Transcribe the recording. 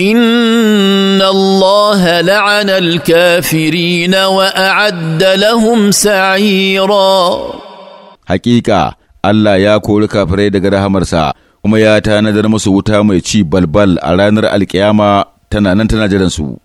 ان الله لعن الكافرين واعد لهم سعيرا Haƙiƙa, Allah ya kori kafirai daga rahamarsa kuma ya tanadar musu wuta mai ci balbal a ranar alkiyama tana nan tana jiransu